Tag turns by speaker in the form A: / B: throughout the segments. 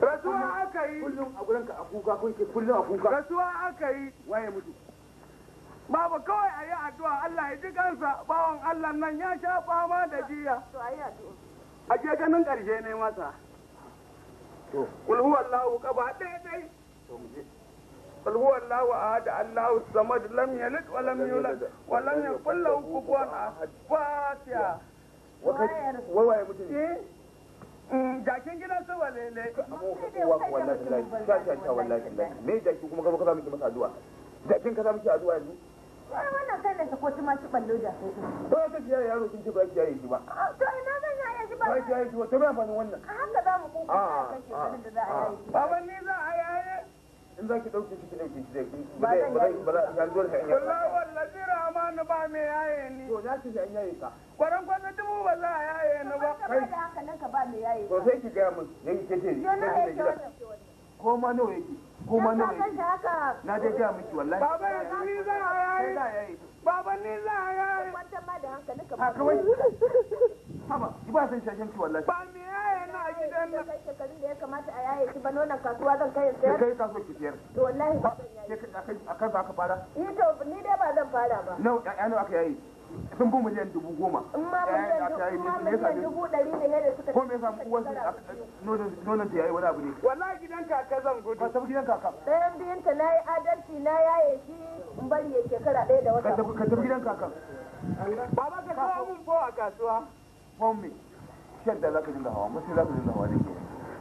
A: rasuwa aka yi rasuwa aka yi waye kawai a yi addu'a Allah ya ji kansa bawan Allah nan ya sha fama da jiya. A je ganin ƙarshe ne masa. Allahu kaba daidai. Kulhu Allahu ahad Allahu samad lam yalid wa lam yulad wa lam yakul lahu kufuwan ahad. Fatiha. mutum. Eh? jakin gidan su walele amma ko wallahi billahi sha sha sha wallahi billahi me jakin kuma ka ka miki masa addu'a jakin ka miki addu'a yanzu wai wannan kai ne ta ko tuma ci ballo da kai to ka ji yaro kin ci ba ki yayi shi ba to ina zan yaye shi ba ba ki yaye shi ba to me amfani wannan a haka za mu kuka ah, kake abin ah, da za a ah. yaye shi baban ni za a yaye in za ki ɗauke shi ki ɗauke shi zai ki ba zai ba zai ba zai yanzu da hanyar wallahi wallahi rahmanu ba me yaye ni to na ci an yaye ka kwaran dubu ba za a yaye na ba kai ba sai ki yayi ne ko ma nawa yake ko ma nawa yake na dai miki wallahi baba ni za a yaye baba ni za a yaye kwanta ma da hankalin ka ba kawai haba ki ba san shashin ki wallahi ba me yaye na gidan nan kai shekarun da ya kamata a yaye ki ba nonon kasuwa zan kai sayar kai kasuwa ki sayar to wallahi ba zan yaye akan za ka fara ni eh to ni dai ba zan fara ba nawa nawa aka yaye sun fi miliyan dubu goma. In ma miliyan dubu ɗari da da suka ko me yasa uwar nonon ta yayi wani abu ne. Wallahi gidan kaka zan gudu. Ka tafi gidan kaka. Ɗayan biyun ta na yi adalci na yaye shi in bari ya shekara ɗaya da wata. Ka tafi gidan kaka. Baba ka kawo mun fo a kasuwa. Fon me? Shan da za ka dinga hawa, mutum za ka dinga hawa ne ke.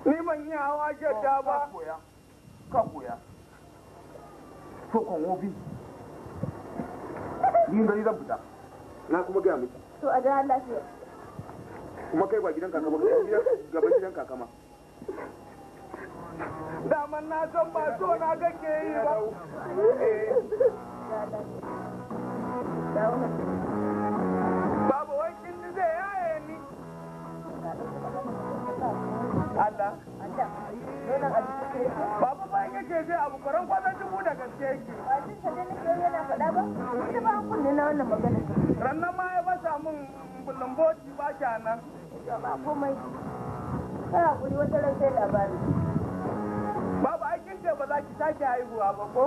A: Ni ban yi hawa shan da ba. Ka koya. Ka koya. Sokon wofi. Ni gari zan fita. na kuma gaya miki to a jihar lafiya kuma kai ba gidan kaka ba gaban gidan kaka ma daman na san ba so na ga ke yi ba babu wankin da zai yaye ni Allah babu ba yake zai abu karan kwazon dubu da gaske yake ba jin ka ne yana faɗa ba ita ba kunne na wannan magana kullum boci ba kya nan. Ba komai. Kana kuri wata ran sai labari. Babu aikin ce ba za ki sake haihuwa ba ko?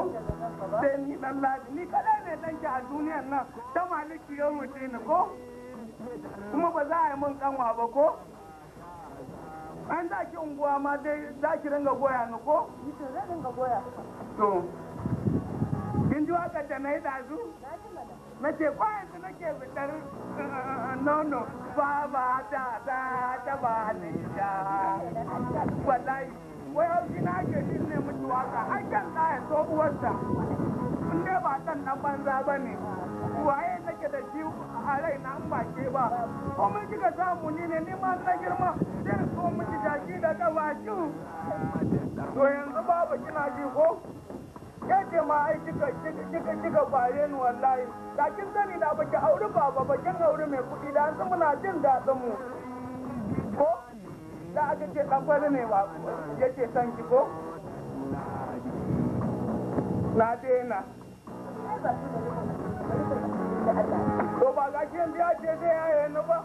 A: Sai ni dan ladi ni kadai ne dan ki a duniyar nan ta maliki ya roce ni ko? Kuma ba za a yi mun kanwa ba ko? An za ki unguwa ma dai za ki ringa goya ni ko? Ni to zan ringa goya. To. ji wakar da na yi dazu? Na ce kwayansu nake fitar eh, nono ba ba ta ta ta ba ne ta. Wallahi, na ke shi ne miki waka, ai kan ta ya so uwarsa. In dai ba ɗan na banza ba ne. Waye nake da shi a rai na an ba ke ba. Ko mun kika samu ni ne ni ma na girma. Zai so miki jaki da kawashin. To yanzu babu kina ji ko? ya ma ai kika kika kika bare ni wallahi da kin sani da baki auri baba bakin auri mai kuɗi da yanzu muna jin daɗin mu ko da aka ce dan fari ne ba yake san ki ko na daina to ba ga shi yanzu ya ce sai ya yi ba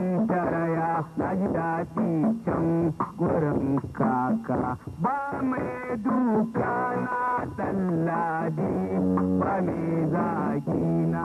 A: in taraya na ji daɗi can gurin kaka ba mai duka na tsalladi ba mai zaki na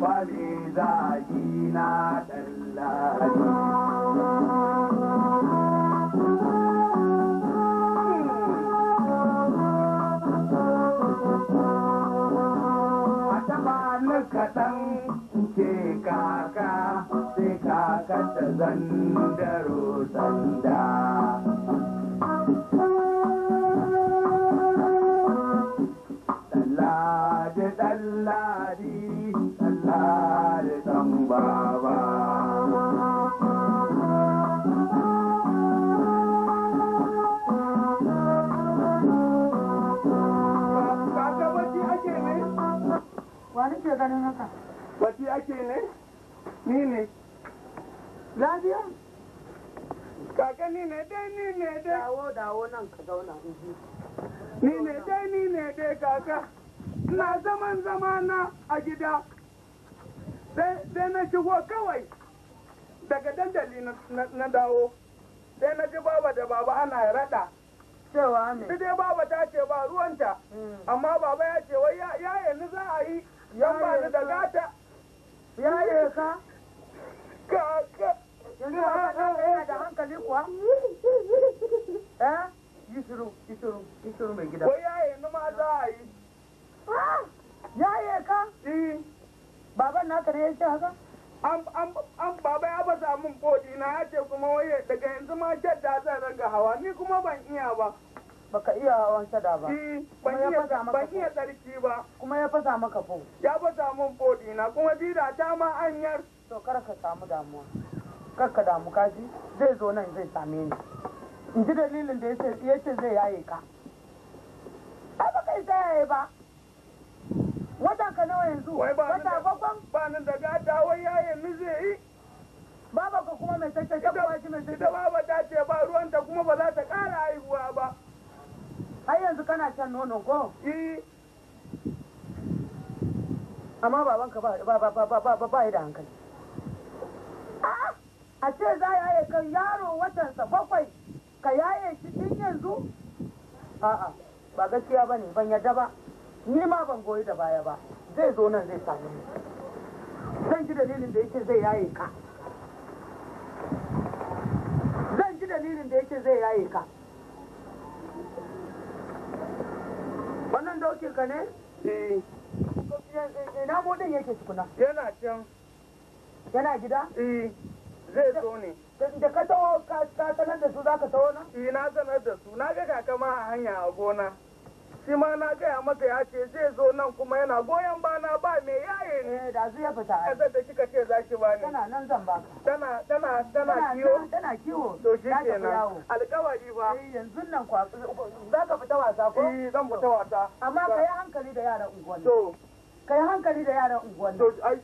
A: kwale zagi na ɗallari. kaɗan ke kaka sai kaka ta zandaro sanda. ganin haka baki ake ne ni ne lafiya kaka ni ne dai ni ne dai dawo dawo nan ka zauna ni ne dai ni ne dai kaka na zaman zamana a gida sai na shigo kawai daga dandali na dawo sai na ji baba da baba ana rada cewa ne dai baba ta ce ba ruwanta hmm. amma baba ya ce wai ya yanzu za a yi yan ba ni da gata ya yi ka kaka yanzu a yana da hankali kuwa eh mai gida ko ya yi numa za a yi ya yi ka eh. baban naka ne ya ce haka an baba ya ba samun bodi na ya ce kuma waye daga yanzu ma shadda zan ranga hawa ni kuma ban iya ba baka iya hawan shada ba eh, ban iya tsarki ba kuma ya fasa maka fo ya fasa min fodi na kuma da ta ma anyar to kar ka samu damuwa kar ka damu kaji zai zo nan zai same ni in ji dalilin da ya ce zai yaye ka ai baka isa yaye ba wata ka nawa yanzu wata gwagwan ba nan da gata wai yaye ni zai yi baba ka kuma mai tattace kuma shi mai tattace ita baba ta ce ba ruwanta kuma ba za ta kara haihuwa ba har yanzu kana shan nono ko eh. amma babanka ba ba ba ba ba ba ba da hankali a ah! ce za a yaye kan yaro watansa bakwai ka yaye shi tun yanzu a'a ba gaskiya ne ban yadda ba ni ma ban goyi da baya ba zai zo nan zai same ni zan ji dalilin da yake zai yaye ka zan ji dalilin da yake zai yaye ka wannan dokin ka ne? Eh. Eh, eh, ina bodin yake tukuna yana can yana gida? zai zo ne da ka tawo ka sanar da su za ka tawo na? eh na sanar da su na ga kaka ma a hanya a gona shi ma na gaya masa ya ce zai zo nan kuma yana goyon bana ba me ya da ya fita ai da kika ce za ki bani tana nan zan baka tana tana tana kiwo tana kiwo to shi kenan alƙawari eh, yanzu nan kwa za ka fita wasa ko eh zan fita wasa amma ka yi hankali da yaran to hankali da yaran unguwanni